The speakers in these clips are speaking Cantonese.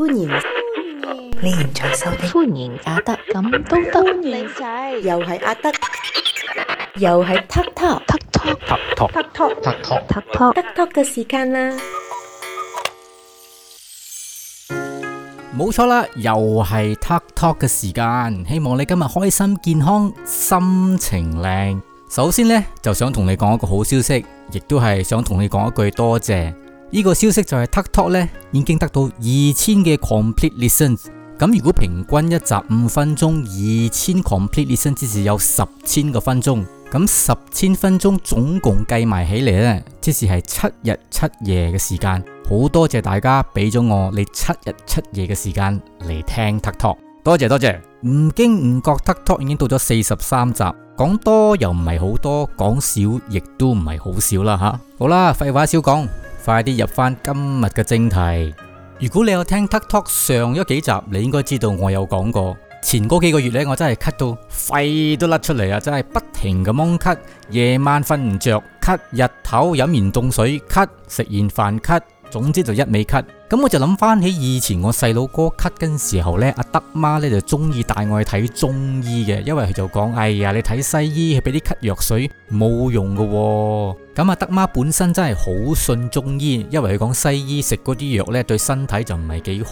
歡迎，歡迎你在收聽，歡迎阿德，咁都得，迎，靚仔，又係阿德，又係 talk talk talk talk talk talk talk talk talk talk 嘅時間啦，冇錯啦，又係 talk talk 嘅時間，希望你今日開心、健康、心情靚。首先呢，就想同你講一個好消息，亦都係想同你講一句多謝。呢個消息就係 Tuck Talk 咧，已經得到二千嘅 Complete Listen。咁如果平均一集五分鐘，二千 Complete Listen 即是有十千個分鐘。咁十千分鐘總共計埋起嚟呢，即是係七日七夜嘅時間。好多謝大家俾咗我你七日七夜嘅時間嚟聽 Tuck Talk，多謝多謝。唔經唔覺 Tuck Talk 已經到咗四十三集，講多又唔係好多，講少亦都唔係好少啦吓。好啦，廢話少講。快啲入翻今日嘅正題。如果你有聽 Tuck Talk 上咗幾集，你應該知道我有講過前嗰幾個月呢，我真係咳到肺都甩出嚟啊！真係不停咁掹咳，夜晚瞓唔着咳，日頭飲完凍水咳，食完飯咳。總之就一味咳，咁我就諗翻起以前我細佬哥咳嘅時候呢，阿德媽呢就中意帶我去睇中醫嘅，因為佢就講：哎呀，你睇西醫，佢俾啲咳藥水冇用噶喎。咁阿德媽本身真係好信中醫，因為佢講西醫食嗰啲藥呢對身體就唔係幾好，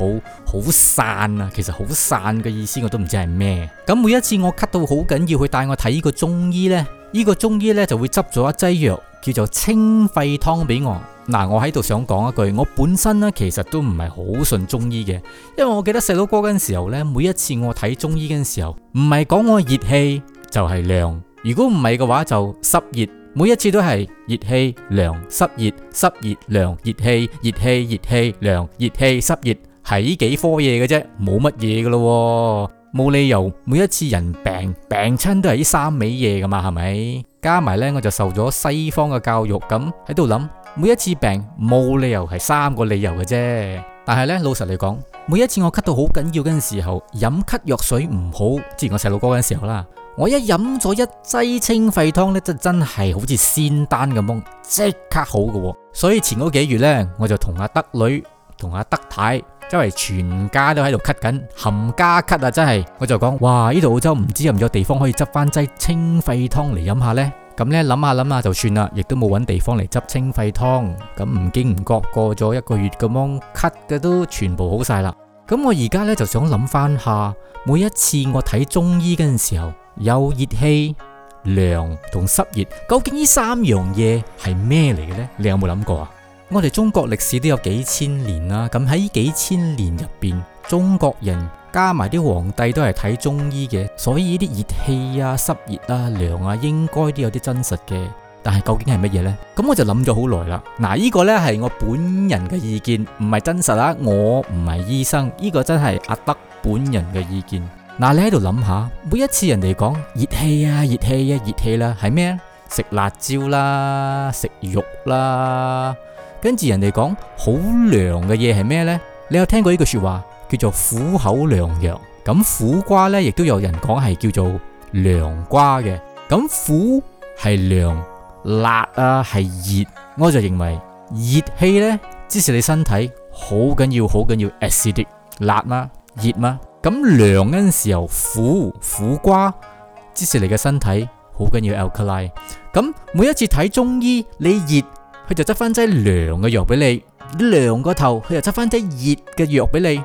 好散啊。其實好散嘅意思我都唔知係咩。咁每一次我咳到好緊要，佢帶我睇呢個中醫呢，呢、呢個中醫呢就會執咗一劑藥叫做清肺湯俾我。嗱，我喺度想講一句，我本身呢其實都唔係好信中醫嘅，因為我記得細佬哥嗰陣時候呢，每一次我睇中醫嗰陣時候，唔係講我熱氣就係涼，如果唔係嘅話就濕熱，每一次都係熱氣涼濕熱濕熱涼熱氣熱氣熱氣涼熱氣濕熱，係呢幾科嘢嘅啫，冇乜嘢嘅咯，冇理由每一次人病病親都係呢三味嘢噶嘛，係咪？加埋呢我就受咗西方嘅教育，咁喺度諗。每一次病，冇理由係三個理由嘅啫，但係呢，老實嚟講，每一次我咳到好緊要嗰陣時候，飲咳藥水唔好。之前我細佬哥嗰陣時候啦，我一飲咗一劑清肺湯呢，真真係好似仙丹咁蒙，即刻好嘅。所以前嗰幾月呢，我就同阿德女、同阿德太周圍全家都喺度咳緊，冚家咳啊！真係，我就講哇，呢度澳洲唔知有唔有地方可以執翻劑清肺湯嚟飲下呢？」咁呢，諗下諗下就算啦，亦都冇搵地方嚟執清肺湯。咁唔經唔覺過咗一個月咁樣，咳嘅都全部好晒啦。咁我而家呢，就想諗翻下，每一次我睇中醫嗰陣時候，有熱氣、涼同濕熱，究竟呢三樣嘢係咩嚟嘅呢？你有冇諗過啊？我哋中國歷史都有幾千年啦、啊，咁喺幾千年入邊。中國人加埋啲皇帝都係睇中醫嘅，所以呢啲熱氣啊、濕熱啊、涼啊，應該都有啲真實嘅。但係究竟係乜嘢呢？咁我就諗咗好耐啦。嗱，呢個呢係我本人嘅意見，唔係真實啦。我唔係醫生，呢個真係阿德本人嘅意見。嗱，你喺度諗下，每一次人哋講熱氣啊、熱氣啊、熱氣啦，係咩？食辣椒啦，食肉啦，跟住人哋講好涼嘅嘢係咩呢？你有聽過呢句說話？叫做苦口良藥。咁苦瓜咧，亦都有人講係叫做涼瓜嘅。咁苦係涼，辣啊係熱，我就認為熱氣咧，支持你身體好緊要，好緊要 acid，辣嘛熱嘛。咁涼嗰陣時候苦，苦瓜支持你嘅身體好緊要 alkali。咁每一次睇中醫，你熱佢就執翻劑涼嘅藥俾你，你涼個頭佢又執翻劑熱嘅藥俾你。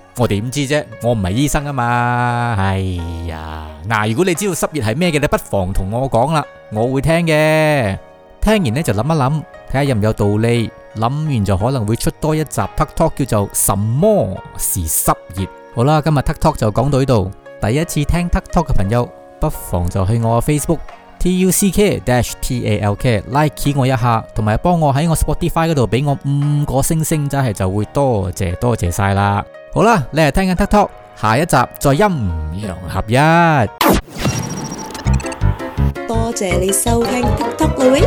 我點知啫？我唔係醫生啊嘛。哎呀，嗱，如果你知道濕熱係咩嘅，你不妨同我講啦，我會聽嘅。聽完呢就諗一諗，睇下有唔有道理。諗完就可能會出多一集 Tuck Talk，叫做什麼是濕熱。好啦，今日 Tuck Talk 就講到呢度。第一次聽 Tuck Talk 嘅朋友，不妨就去我 Facebook T U C K Dash T A L K like 我一下，同埋幫我喺我 Spotify 嗰度俾我五個星星，真係就會多謝多謝晒。啦，謝謝好啦，你嚟聽緊 Tuck Talk，下一集再陰陽合一。多謝你收聽 Tuck Talk，各位。